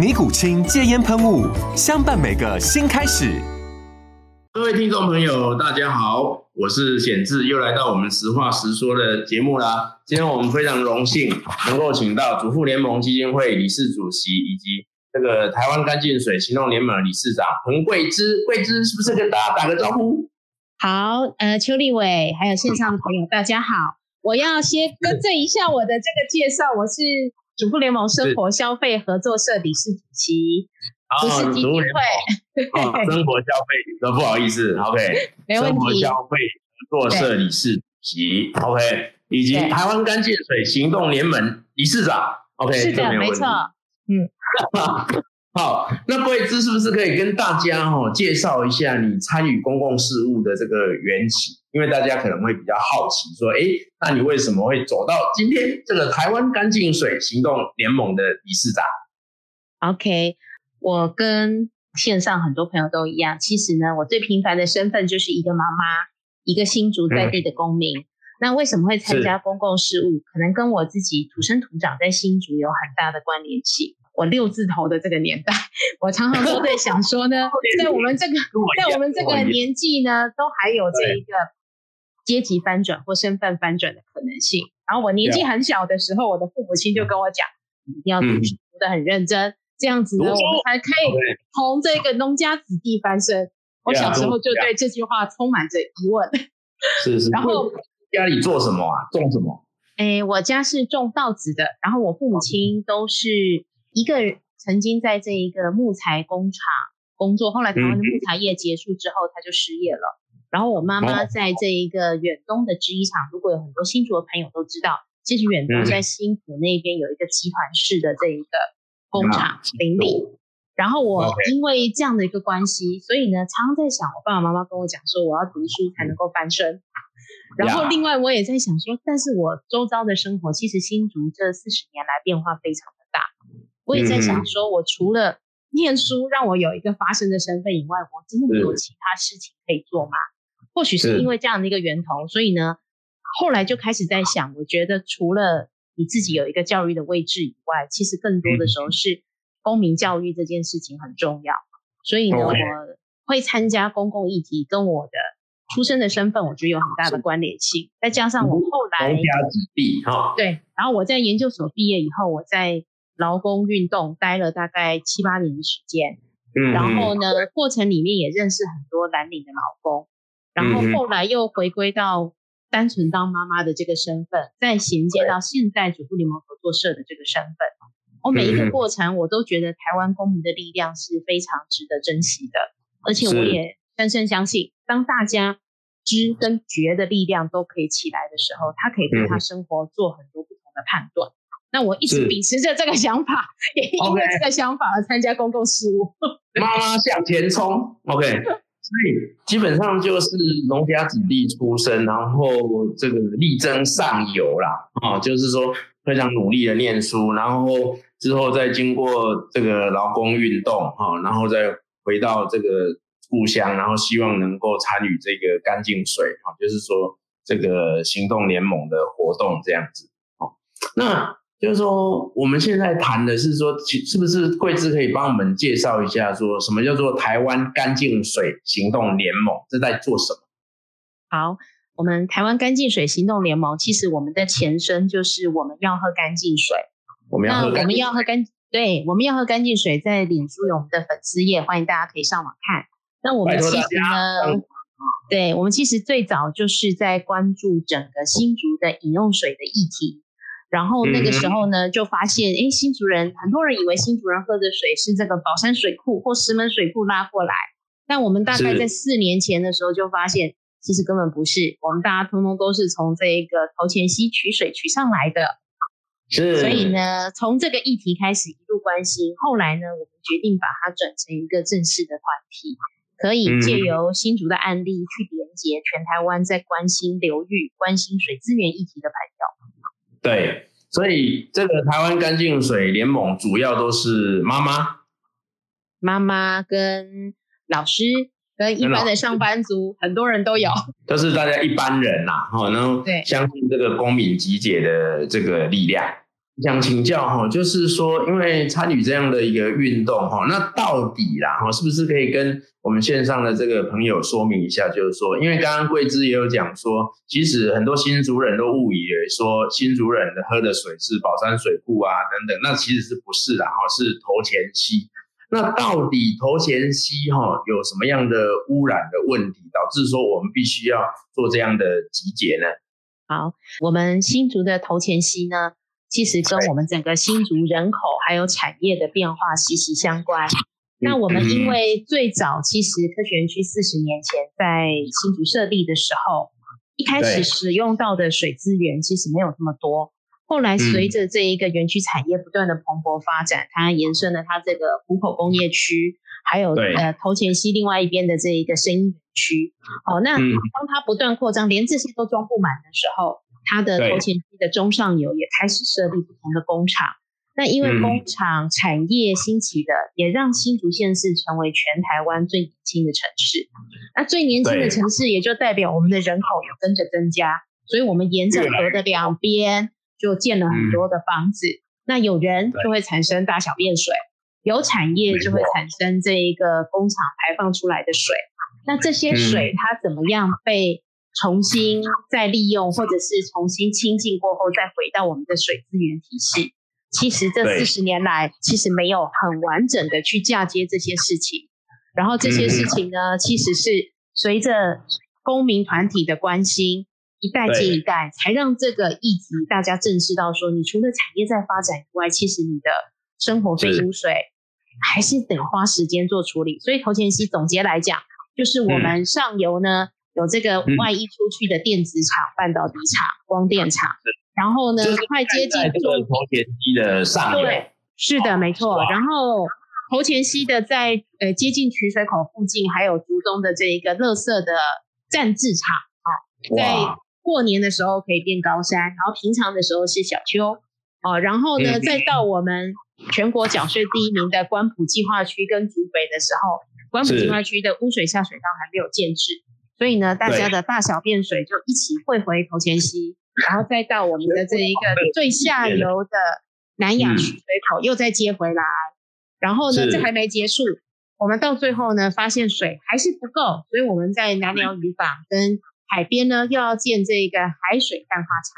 尼古清戒菸噴霧，相伴每個新開始。各位聽眾朋友，大家好，我是顯智，又來到我們實話實說的節目啦。今天我們非常榮幸能夠請到主婦聯盟基金會理事主席以及這個台灣乾淨水行動聯盟理事長彭桂枝。桂枝是不是跟大家打、打個招呼？好，呃，邱立委，還有線上的朋友， 大家好。我要先更正一下我的這個介紹，我是。主婦聯盟生活消費合作社理事長、哦，主婦聯盟會、嗯，生活消費，不好意思 ，OK，生活消費合作社理事長，OK，以及台灣乾淨水行動聯盟理事長，OK，是的，都沒有問題，沒錯，嗯， 好，那桂枝是不是可以跟大家哦介紹一下你參與公共事務的這個緣起？因為大家可能會比較好奇，說：“誒，那你為什麼會走到今天這個台灣乾淨水行動聯盟的理事長？” OK，我跟線上很多朋友都一樣，其實呢，我最平凡的身份就是一個媽媽，一個新竹在地的公民、嗯。那為什麼會參加公共事務？可能跟我自己土生土長在新竹有很大的關聯性。我六字頭的這個年代，我常常都會想說呢， 在我們這個在我們這個年紀呢，都還有這一個。階級翻轉或身份翻轉的可能性。然後我年紀很小的時候，yeah. 我的父母親就跟我講，yeah. 一定要讀書的很認真，mm -hmm. 這樣子呢，我才可以從這個農家子弟翻身。Yeah. 我小時候就對這句話充滿着疑問。是是。然後家裡做什麼啊？種什麼？哎，我家是種稻子的。然後我父母親都是一個人曾經在這一個木材工廠工作，後來台灣的木材業結束之後，mm -hmm. 他就失業了。然後我媽媽在這一個遠東的制衣廠，如果有很多新竹的朋友都知道，其實遠東在新竹那邊有一個集團式的這一個工廠林立。然後我因為這樣的一個關係，okay. 所以呢常常在想，我爸爸媽媽跟我講說，我要讀書才能夠翻身。嗯。然後另外我也在想說，但是我周遭的生活，其實新竹這四十年來變化非常的大。我也在想說，我除了念書讓我有一個發聲的身份以外，我真的沒有其他事情可以做嗎？嗯嗯或許是因為這樣的一個源頭，所以呢，後來就開始在想，我覺得除了你自己有一個教育的位置以外，其實更多的時候是公民教育這件事情很重要。嗯、所以呢，Okay. 我會參加公共議題，跟我的出生的身份，我覺得有很大的關聯性。再加上我後來、嗯、對。然後我在研究所畢業以後，我在勞工運動待了大概七八年的時間、嗯。然後呢，過程裡面也認識很多藍領的勞工。然後後來又回歸到單純當媽媽的這個身份，嗯、再銜接到現在主婦聯盟合作社的這個身份，嗯、我每一個過程、嗯、我都覺得台灣公民的力量是非常值得珍惜的，而且我也深深相信，當大家知跟覺的力量都可以起來的時候，他可以對他生活做很多不同的判斷。嗯、那我一直秉持着這個想法，也因為這個想法而參加公共事務。Okay. 媽媽向前衝 ，OK。所以基本上就是農家子弟出身，然後這個力爭上游啦，啊、哦，就是說非常努力的念書，然後之後再經過這個勞工運動，哈、哦，然後再回到這個故鄉，然後希望能夠參與這個乾淨水，哈、哦，就是說這個行動聯盟的活動這樣子，哦，那。就是說，我們現在談的是說，是不是桂枝可以幫我們介紹一下，說什麼叫做台灣乾淨水行動聯盟？這在做什麼？好，我們台灣乾淨水行動聯盟，其實我們的前身就是我們要喝乾淨水。我們要喝乾淨水喝乾，對，我們要喝乾淨水。在臉書有我們的粉絲頁，歡迎大家可以上網看。那我們其實呢，對，我們其實最早就是在關注整個新竹的飲用水的議題。然後那個時候呢，嗯、就發現，哎，新竹人很多人以為新竹人喝的水是這個寶山水庫或石門水庫拉過來，但我們大概在四年前的時候就發現，其實根本不是，我們大家通通都是從這個頭前溪取水取上來的。是。所以呢，從這個議題開始一路關心，後來呢，我們決定把它轉成一個正式的團體，可以借由新竹的案例去連接全台灣在關心流域、關心水資源議題的朋友。對，所以這個台灣乾淨水聯盟主要都是媽媽、媽媽跟老師跟一般的上班族，嗯、很多人都有，都、就是大家一般人吶，哈，能對相信這個公民集結的這個力量。想請教哈，就是說，因為參與這樣的一個運動哈，那到底啦哈，是不是可以跟我們線上的這個朋友說明一下？就是說，因為剛剛桂枝也有講說，其實很多新竹人都誤以為說新竹人的喝的水是寶山水庫啊等等，那其實是不是啦哈？是頭前溪。那到底頭前溪哈有什麼樣的污染的問題，導致說我們必須要做這樣的集結呢？好，我們新竹的頭前溪呢？其實跟我們整個新竹人口還有產業的變化息息相關。那我們因為最早其實科學園區四十年前在新竹設立的時候，一開始使用到的水資源其實沒有這麼多。後來隨着這一個園區產業不斷的蓬勃發展，嗯、它延伸了它這個湖口工業區，還有呃頭前溪另外一邊的這一個生醫園區、嗯。哦，那當它不斷擴張，連這些都裝不滿的時候。它的頭前溪的中上游也開始設立不同的工廠，那因為工廠產業興起的、嗯，也讓新竹縣市成為全台灣最年輕的城市。嗯、那最年輕的城市也就代表我們的人口有跟着增加，所以我們沿着河的兩邊就建了很多的房子、嗯。那有人就會產生大小便水，有產業就會產生這一個工廠排放出來的水。那這些水它怎麼樣被？重新再利用，或者是重新清淨過後再回到我們的水資源體系。其實這四十年來，其實沒有很完整的去嫁接這些事情。然後這些事情呢，其實是隨着公民團體的關心，一代接一代，才讓這個議題大家正視到說，你除了產業在發展以外，其實你的生活廢污水還是得花時間做處理。所以頭前溪總結來講，就是我們上游呢。有這個外溢出去的電子廠、嗯、半導體廠、光電廠、嗯，然後呢，就是、快接近這頭前溪的上游、對，是的，哦、沒錯、哦。然後頭前溪的在呃接近取水口附近，還有竹東的這一個垃圾的暫置場啊，在過年的時候可以變高山，然後平常的時候是小丘、啊、然後呢嘿嘿，再到我們全國繳稅第一名的關埔計劃區跟竹北的時候，關埔計劃區的污水下水道還沒有建置。所以呢，大家的大小便水就一起匯回頭前溪，然後再到我們的這一個最下游的南雅取水、水口，又再接回來。嗯、然後呢，這還沒結束，我們到最後呢，發現水還是不夠，所以我們在南寮漁港跟海邊呢，又要建這個海水淡化廠。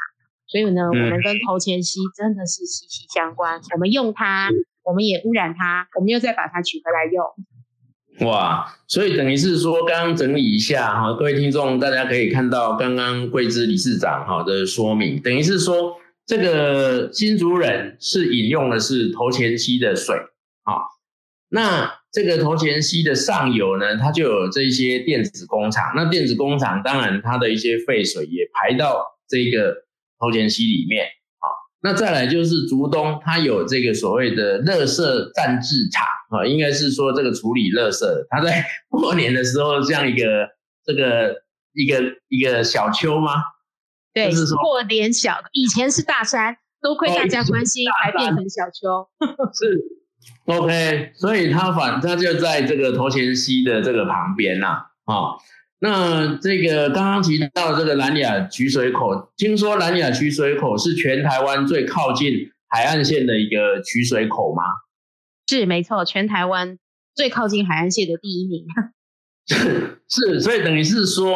所以呢、嗯，我們跟頭前溪真的是息息相關，我們用它，我們也污染它，我們又再把它取回來用。哇，所以等於是說，剛剛整理一下哈，各位聽眾大家可以看到，剛剛桂枝理事長哈的說明，等於是說這個新竹人是飲用的是頭前溪的水啊，那這個頭前溪的上游呢，它就有這一些電子工廠，那電子工廠當然它的一些廢水也排到這個頭前溪裡面。那再來就是竹東，它有這個所謂的樂色暫置場啊，應該是說這個處理樂色，它在過年的時候像一個這個一個一個小丘嗎？對，就是、過年小以前是大山，多虧大家關心，才、哦、變成小丘。是，OK，所以它反它就在這個頭前溪的這個旁邊吶，啊。哦那這個剛剛提到這個湳雅取水口，聽說湳雅取水口是全台灣最靠近海岸線的一個取水口嗎？是，沒錯，全台灣最靠近海岸線的第一名。是，是，所以等於是說，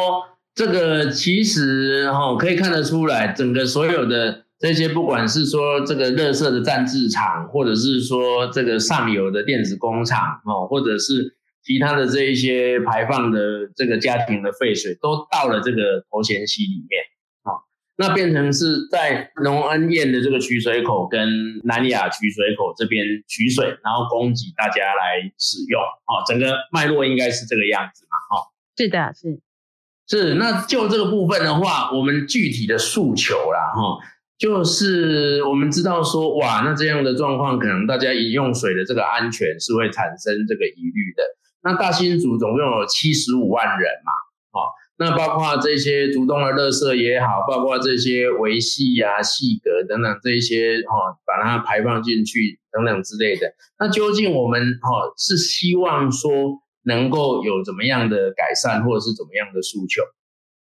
這個其實哦，可以看得出來，整個所有的這些，不管是說這個垃圾的暫置場，或者是說這個上游的電子工廠哦，或者是。其他的這一些排放的這個家庭的廢水都到了這個頭前溪裡面啊、哦，那變成是在隆恩堰的這個取水口跟湳雅取水口這邊取水，然後供給大家來使用啊、哦，整個脈絡應該是這個樣子嘛，哈、哦，是的，是是，那就這個部分的話，我們具體的訴求啦，哈、哦，就是我們知道說哇，那這樣的狀況可能大家飲用水的這個安全是會產生這個疑慮的。那大新竹總共有七十五萬人嘛，好、哦，那包括這些竹東的垃圾，也好，包括這些維繫啊、細格等等這些，哈、哦，把它排放進去等等之類的。那究竟我們哈、哦、是希望說能夠有怎麼樣的改善，或者是怎麼樣的訴求？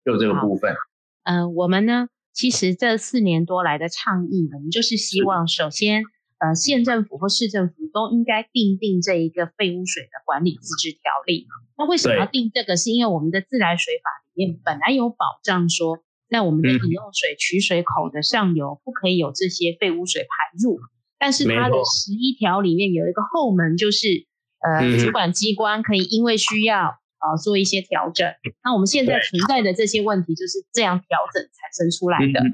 就這個部分，嗯、呃，我們呢，其實這四年多來的倡議，我們就是希望首先。呃，縣政府或市政府都應該訂定,定這一個廢污水的管理自治條例。那為什麼要訂這個？是因為我們的自來水法裡面本來有保障說，說在我們的飲用水取水口的上游不可以有這些廢污水排入。但是它的十一條裡面有一個後門，就是呃主管機關可以因為需要、呃、做一些調整。那我們現在存在的這些問題就是這樣調整產生出來的。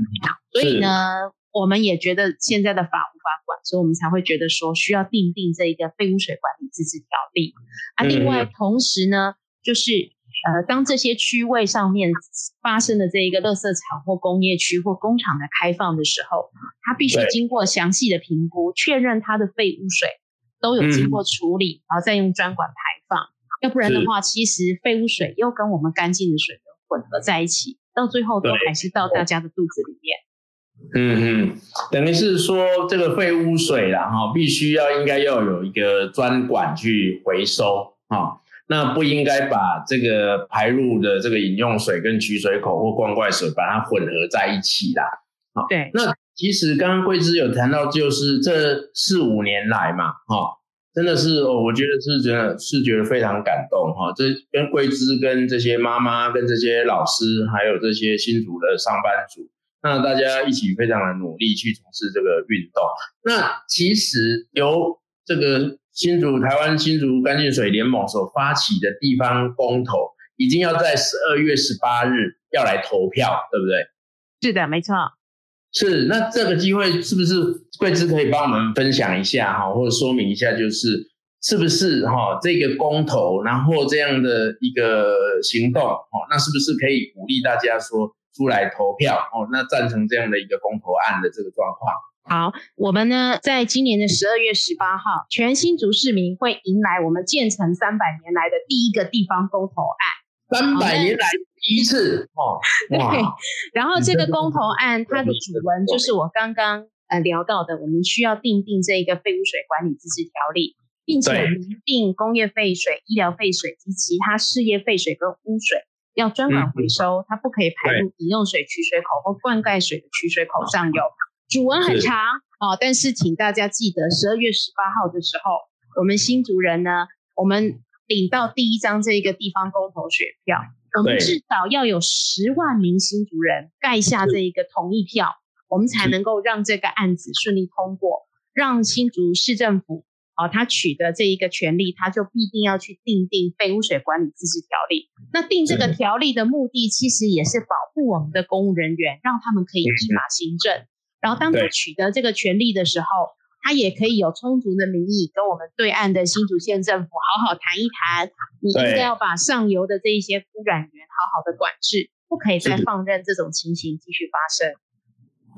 所以呢？我們也覺得現在的法無法管，所以我們才會覺得說需要訂定這一個廢污水管理自治條例。啊，另外嗯嗯同時呢，就是呃，當這些區位上面發生的這一個垃圾場或工業區或工廠的開放的時候，它必須經過詳細的評估，確認它的廢污水都有經過處理，嗯、然後再用專管排放。要不然的話，其實廢污水又跟我們乾淨的水混合在一起，到最後都還是到大家的肚子裡面。嗯嗯，等於是說這個廢污水啦，然後必須要應該要有一個專管去回收啊、哦，那不應該把這個排入的這個飲用水跟取水口或灌溉水把它混合在一起啦。好、哦，對，那其實剛剛桂枝有談到，就是這四五年來嘛，哈、哦，真的是哦，我覺得是真的是覺得非常感動哈。這、哦、跟桂枝跟這些媽媽、跟這些老師，還有這些新竹的上班族，那大家一起非常的努力去從事這個運動。那其實由這個新竹台灣新竹乾淨水聯盟所發起的地方公投，已經要在十二月十八日要來投票，對不對？是的，沒錯。是，那這個機會是不是桂枝可以幫我們分享一下哈，或者說明一下，就是是不是哈這個公投，然後這樣的一個行動，哦，那是不是可以鼓勵大家說出來投票哦，那贊成這樣的一個公投案的這個狀況。好，我們呢在今年的十二月十八號，全新竹市民會迎來我們建成三百年來的第一個地方公投案。三百年來第一次哦，哦對，然後這個公投案它的主文就是我剛剛呃聊到的，我們需要訂定這一個廢污水管理自治條例，並且擬定工業廢水、醫療廢水及其他事業廢水跟污水。要專管回收、嗯嗯，它不可以排入飲用水取水口或灌溉水的取水口上游。有主文很長啊、哦，但是請大家記得，十二月十八號的時候，我們新竹人呢，我們領到第一張這個地方公投選票，我們至少要有十萬名新竹人蓋下這一個同意票，我們才能夠讓這個案子順利通過，嗯、讓新竹市政府，哦，他取得這一個權利，他就必定要去訂定《廢污水管理自治條例》。那訂這個條例的目的，其實也是保護我們的公務人員，讓他們可以依法行政。嗯、然後，當他取得這個權利的時候，他也可以有充足的名義跟我們對岸的新竹縣政府好好談一談。你應該要把上游的這一些污染源好好的管制，不可以再放任這種情形繼續發生。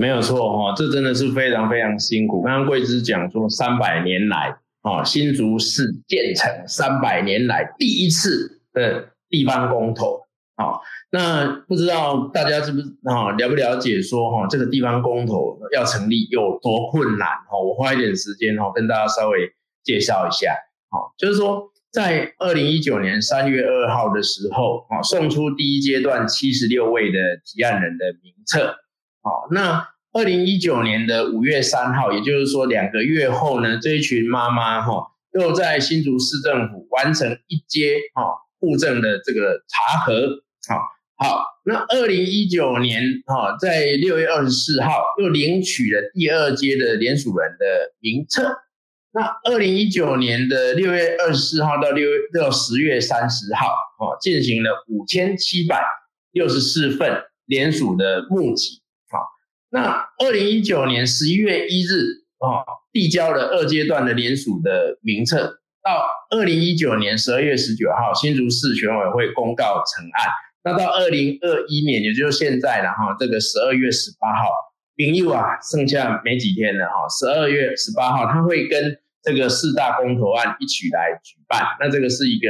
沒有錯、哦，哈，這真的是非常非常辛苦。剛剛桂枝講說，三百年來。啊、哦，新竹市建城三百年來第一次的地方公投啊、哦，那不知道大家是不是啊、哦、了不了解說哈、哦、這個地方公投要成立有多困難哈、哦？我花一點時間哈、哦、跟大家稍微介紹一下啊、哦，就是說在二零一九年三月二號的時候啊、哦、送出第一階段七十六位的提案人的名冊啊、哦，那。二零一九年的五月三號，也就是說兩個月後呢，這一群媽媽哈，又在新竹市政府完成一階哈戶政的這個查核，好、哦、好。那二零一九年哈、哦，在六月二十四號又領取了第二階的聯署人的名冊。那二零一九年的六月二十四號到六月到十月三十號，哦，進行了五千七百六十四份聯署的募集。那二零一九年十一月一日啊、哦，遞交了二階段的聯署的名冊，到二零一九年十二月十九號，新竹市選委會公告成案。那到二零二一年，也就是現在，然、哦、後這個十二月十八號，民又啊，剩下沒幾天了哈，十、哦、二月十八號，他會跟這個四大公投案一起來舉辦。那這個是一個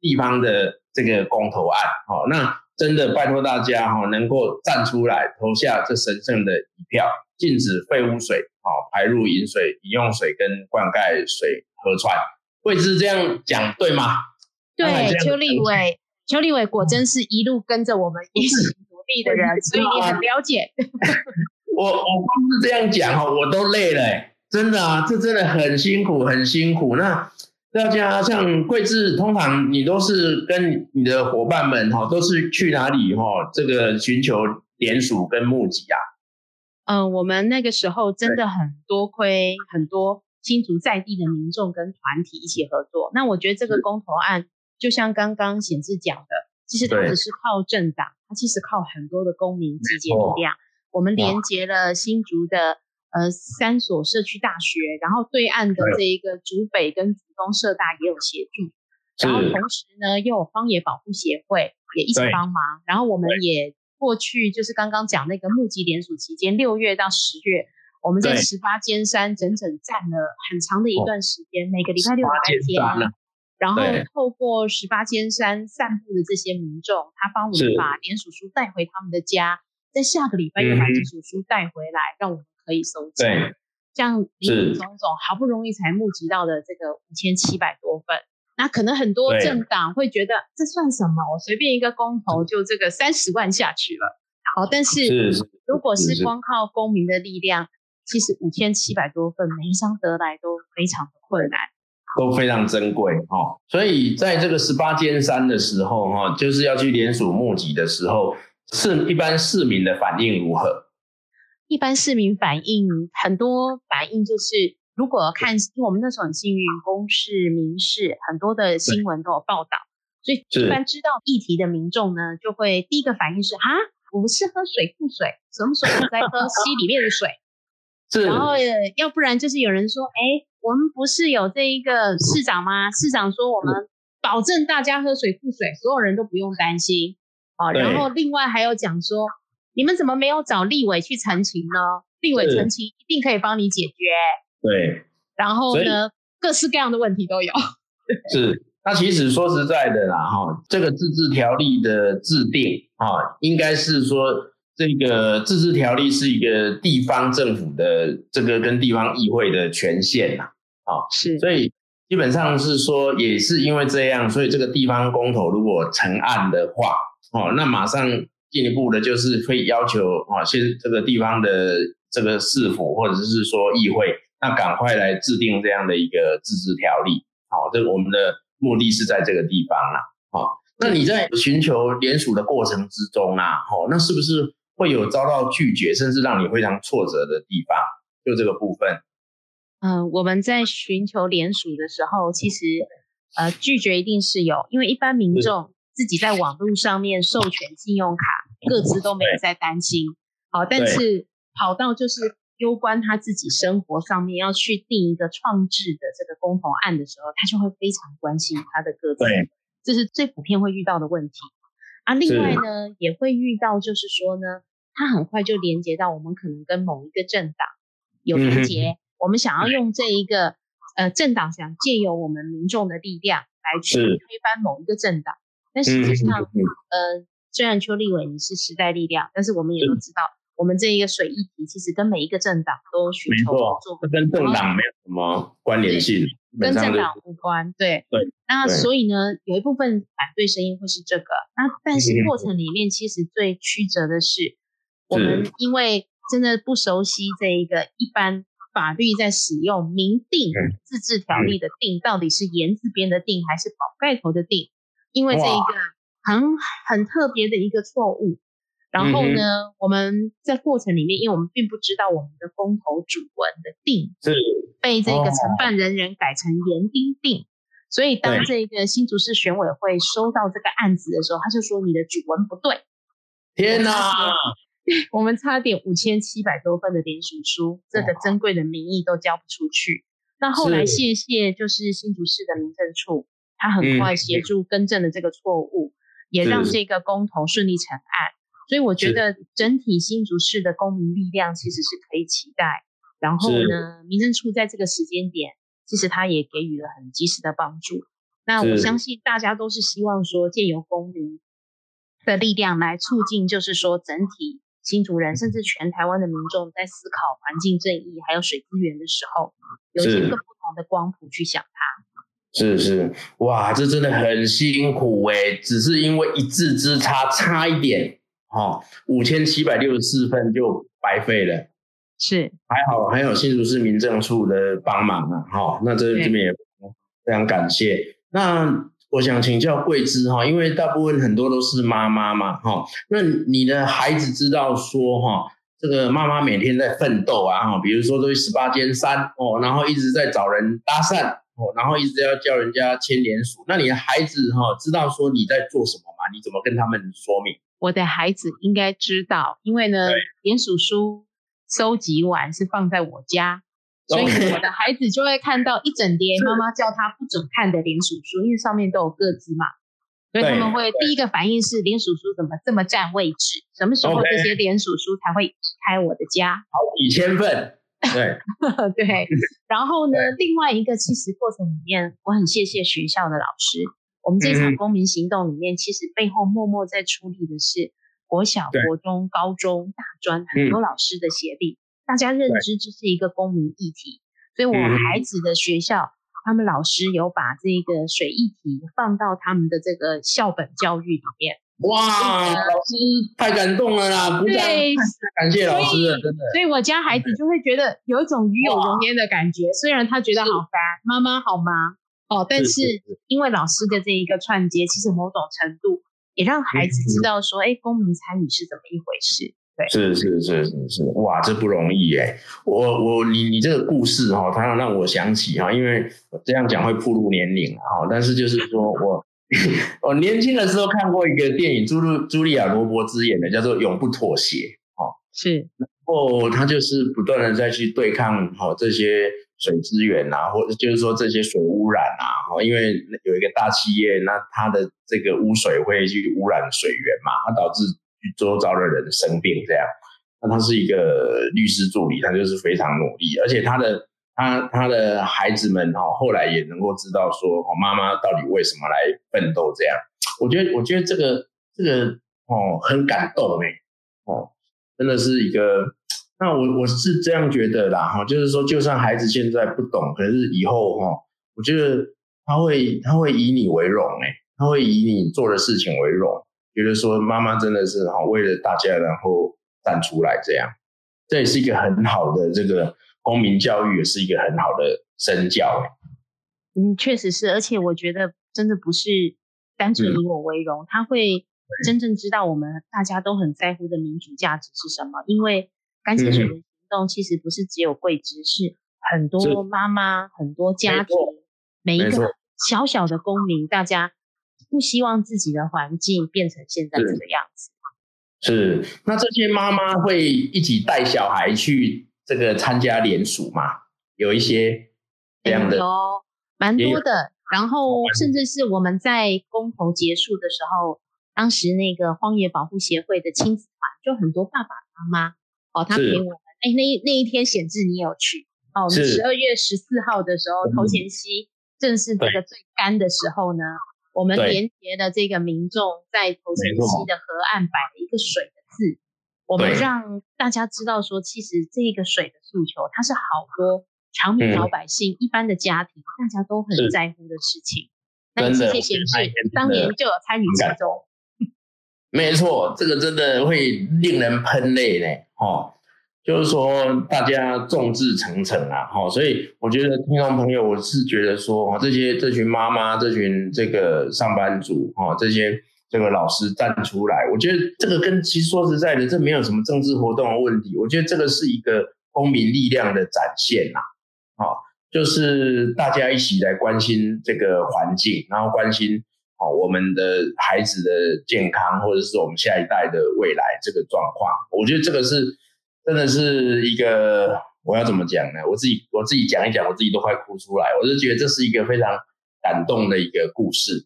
地方的這個公投案，好、哦，那。真的拜託大家哈、喔，能夠站出來投下這神聖的一票，禁止廢污水、喔、排入飲水、飲用水跟灌溉水河川。桂枝這樣講對嗎？對，邱立委，邱立委果真是一路跟着我們一起努力的人、 啊，所以你很了解。 我我光是這樣講哈、喔，我都累了、欸，真的啊，這真的很辛苦，很辛苦。那。大家像桂枝通常你都是跟你的夥伴們哈，都是去哪裡哈？這個尋求聯署跟募集啊？嗯、呃，我們那個時候真的很多虧很多新竹在地的民眾跟團體一起合作。那我覺得這個公投案，就像剛剛顯智講的，其實它只是靠政黨，它其實靠很多的公民集結力量，哦。我們連接了新竹的。呃，三所社區大學，然後對岸的這一個竹北跟竹東社大也有協助，然後同時呢，又有荒野保護協會也一起幫忙。然後我們也過去，就是剛剛講那個募集聯署期間，六月到十月，我們在十八尖山整，整整站了很長的一段時間，每個禮拜六禮拜天，然後透過十八尖山散步的這些民眾，他幫我們把聯署書帶回他們的家，在下個禮拜又把這組書帶回來，嗯嗯讓我們。可以收集，對，像林、林總總，好不容易才募集到的這個五千七百多份，那可能很多政黨會覺得這算什麼？我隨便一個公投就這個三十萬下去了。好，但是、是、是如果是光靠公民的力量，其實五千七百多份每一張得來都非常的困難，都非常珍貴哦，所以在這個十八減三的時候哈，就是要去連署募集的時候，市一般市民的反應如何？一般市民反應很多，反應就是如果看我們那時候很幸運，公視、民視很多的新聞都有報道，所以一般知道議題的民眾呢，就會第一個反應是啊，我們是喝水富水，什麼時候在喝溪裡面的水？ 然後、呃、要不然就是有人說，哎，我們不是有這一個市長嗎？嗯、市長說我們保證大家喝水富水，所有人都不用擔心。啊、哦，然後另外還有講說。你們怎麼沒有找立委去陳情呢？立委陳情一定可以幫你解決。對，然後呢，各式各樣的問題都有。是，那其實說實在的啦，哈、哦，這個自治條例的制定哈、哦，應該是說這個自治條例是一個地方政府的這個跟地方議會的權限吶、哦，是，所以基本上是說也是因為這樣，所以這個地方公投如果成案的話，哦，那馬上。進一步的，就是會要求啊、哦，先這個地方的這個市府或者是說議會，那趕快來制定這樣的一個自治條例。好、哦，這個、我們的目的是在這個地方啦。好、哦，那你在尋求聯署的過程之中啊，好、哦，那是不是會有遭到拒絕，甚至讓你非常挫折的地方？就這個部分。嗯、呃，我們在尋求聯署的時候，其實呃拒絕一定是有，因為一般民眾。自己在網絡上面授權信用卡，個資都沒有在擔心。好、啊，但是跑到就是攸關他自己生活上面要去定一個創制的這個公投案的時候，他就會非常關心他的個資。這是最普遍會遇到的問題。啊，另外呢，也會遇到就是說呢，他很快就連接到我們可能跟某一個政黨有連結，我們想要用這一個、嗯、呃政黨想借由我們民眾的力量來去推翻某一個政黨。但實際上，呃，雖然邱立委你是時代力量，但是我們也都知道，我們這一個水議題其實跟每一個政黨都尋求合作，沒錯，跟政黨沒有什麼關聯性，就是，跟政黨無關。對。對。那所以呢，有一部分反對聲音會是這個。那但是過程裡面，其實最曲折的是，嗯，我們因為真的不熟悉這一個一般法律在使用明定自治條例的定，到底是言字邊的定還是寶蓋頭的定？因為這一個很很，很特別的一個錯誤，然後呢、嗯，我們在過程裡面，因為我們並不知道我們的公投主文的定是被這個承辦人員改成「言丁訂」，所以當這個新竹市選委會收到這個案子的時候，他就說你的主文不對。天哪，我們差點五千七百多份的連署書，這個珍貴的民意都交不出去。那後來謝謝，就是新竹市的民政處。他很快協助更正了這個錯誤，嗯嗯，也讓這個公投順利成案。所以我覺得整體新竹市的公民力量其實是可以期待。然後呢，民政處在這個時間點，其實他也給予了很及時的幫助。那我相信大家都是希望說，借由公民的力量來促進，就是說整體新竹人，嗯、甚至全台灣的民眾，在思考環境正義還有水資源的時候，有一些更不同的光譜去想它。是是，哇，這真的很辛苦誒、欸、只是因為一字之差，差一點，哈、哦，五千七百六十四分就白費了。是，還好還好新竹市民政處的幫忙啊，哈、哦，那這這邊也非常感謝。那我想請教桂枝哈、哦，因為大部分很多都是媽媽嘛，哈、哦，那你的孩子知道說哈、哦，這個媽媽每天在奮鬥啊，哈、哦，比如說都是十八間三哦，然後一直在找人搭訕。然後一直要叫人家簽連署，那你的孩子知道說你在做什麼嗎？你怎麼跟他們說明？我的孩子應該知道，因為呢，連署書收集完是放在我家，okay. 所以我的孩子就會看到一整疊媽媽叫他不准看的連署書，因為上面都有個字嘛，所以他們會第一個反應是連署書怎麼這麼占位置？什麼時候這些連署書才會離開我的家？好幾千份。對 對，然後呢？另外一個，其實過程裡面，我很謝謝學校的老師。我們這場公民行動裡面，嗯、其實背後默默在處理的是國小、國中、高中、大專很多老師的協力、嗯。大家認知這是一個公民議題，所以我孩子的學校、嗯，他們老師有把這個水議題放到他們的這個校本教育裡面。哇，老師太感動了啦不！對，感謝老師所以對對對，所以我家孩子就會覺得有一種與有榮焉的感覺，雖然他覺得好煩，媽媽好忙哦、喔，但是因為老師的這一個串接，其實某種程度也讓孩子知道說，誒、欸、公民參與是怎麼一回事？對，是是是是是,是，哇，這不容易耶、欸！我我你你這個故事哈、喔，它讓我想起哈、喔，因為我這樣講會暴露年齡啊、喔，但是就是說我。 我年輕的時候看過一個電影，茱莉亞羅勃茲演的，叫做《永不妥協》。哦，是。然後他就是不斷的再去對抗哈、哦、這些水資源啊，或者就是說這些水污染啊、哦。因為有一個大企業，那他的這個污水會去污染水源嘛，它導致周遭的人生病這樣。那他是一個律師助理，他就是非常努力，而且他的。他他的孩子們後來也能夠知道說，媽媽到底為什麼來奮鬥這樣。我覺得，我覺得這個這個哦，很感動欸，哦，真的是一個。那我我是這樣覺得啦，就是說，就算孩子現在不懂，可是以後，我覺得他會他會以你為榮欸，他會以你做的事情為榮，覺得說媽媽真的是為了大家然後站出來這樣，這也是一個很好的這個。公民教育也是一個很好的身教。嗯，確實是，而且我覺得真的不是單純以我為榮，嗯，他會真正知道我們大家都很在乎的民主價值是什麼。因為乾淨水的行動其實不是只有桂枝，嗯，是很多媽媽、很多家庭、每一個小小的公民，大家不希望自己的環境變成現在這個樣子。是，那這些媽媽會一起帶小孩去。這個參加聯署嘛，有一些這樣的，嗯、有蠻多的。然後甚至是我們在公投結束的時候，當時那個荒野保護協會的親子團，就很多爸爸媽媽哦，他陪我們。哎、欸，那那一天顯智你有去哦？我們十二月十四號的時候，嗯、頭前溪正是這個最乾的時候呢。我們連結的這個民眾在頭前溪的河岸擺了一個水的字。我們讓大家知道說，其實這個水的訴求，它是好喝，常民老百姓、嗯、一般的家庭，大家都很在乎的事情。是，那，真的是，謝謝謝旭，當年就有參與其中。 沒錯，這個真的會令人噴淚呢。哈、哦，就是說大家眾志成城啊。哈、哦，所以我覺得聽眾朋友，我是覺得說，哦、這些這群媽媽、這群這個上班族啊、哦，這些。這個老師站出來，我覺得這個跟其實說實在的，這沒有什麼政治活動的問題。我覺得這個是一個公民力量的展現吶、啊，好、哦，就是大家一起來關心這個環境，然後關心啊、哦，我們的孩子的健康，或者是我們下一代的未來這個狀況。我覺得這個是真的是一個，我要怎麼講呢？我自己我自己講一講，我自己都快哭出來。我就覺得這是一個非常感動的一個故事。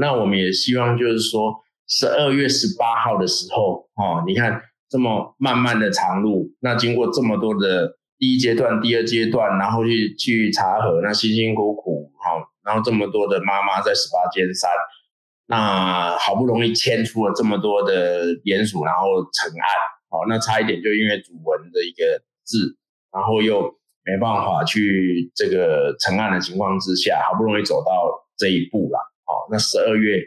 那我們也希望，就是說，十二月十八號的時候，哦，你看這麼漫漫的長路，那經過這麼多的第一階段、第二階段，然後去去查核，那辛辛苦苦，好、哦，然後這麼多的媽媽在十八尖山，那好不容易簽出了這麼多的連署，然後成案，哦，那差一點就因為主文的一個字，然後又沒辦法去這個成案的情況之下，好不容易走到這一步了。好、哦，那十二月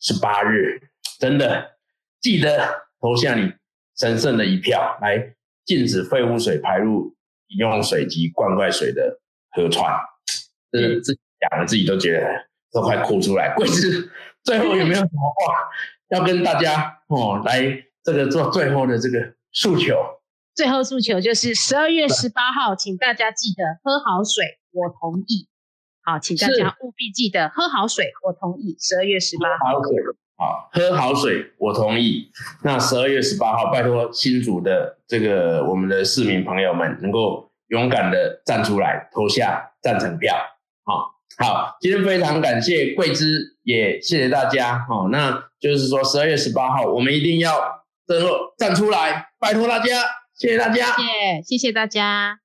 十八日，真的記得投下你神聖的一票，來禁止廢污水排入飲用水及灌溉水的河川。這自己講的自己都覺得都快哭出來。桂枝最後有沒有什麼話 要跟大家哦？來這個做最後的這個訴求。最後訴求就是十二月十八號，請大家記得喝好水。我同意。好，請大家務必記得喝好水。我同意。十二月十八號。好，好，喝好水，我同意。那十二月十八號，拜託新竹的這個我們的市民朋友們，能夠勇敢的站出來，投下贊成票。好，好，今天非常感謝桂枝，也謝謝大家。好，那就是說十二月十八號，我們一定要最後站出來，拜託大家，謝謝大家。謝謝，謝謝大家。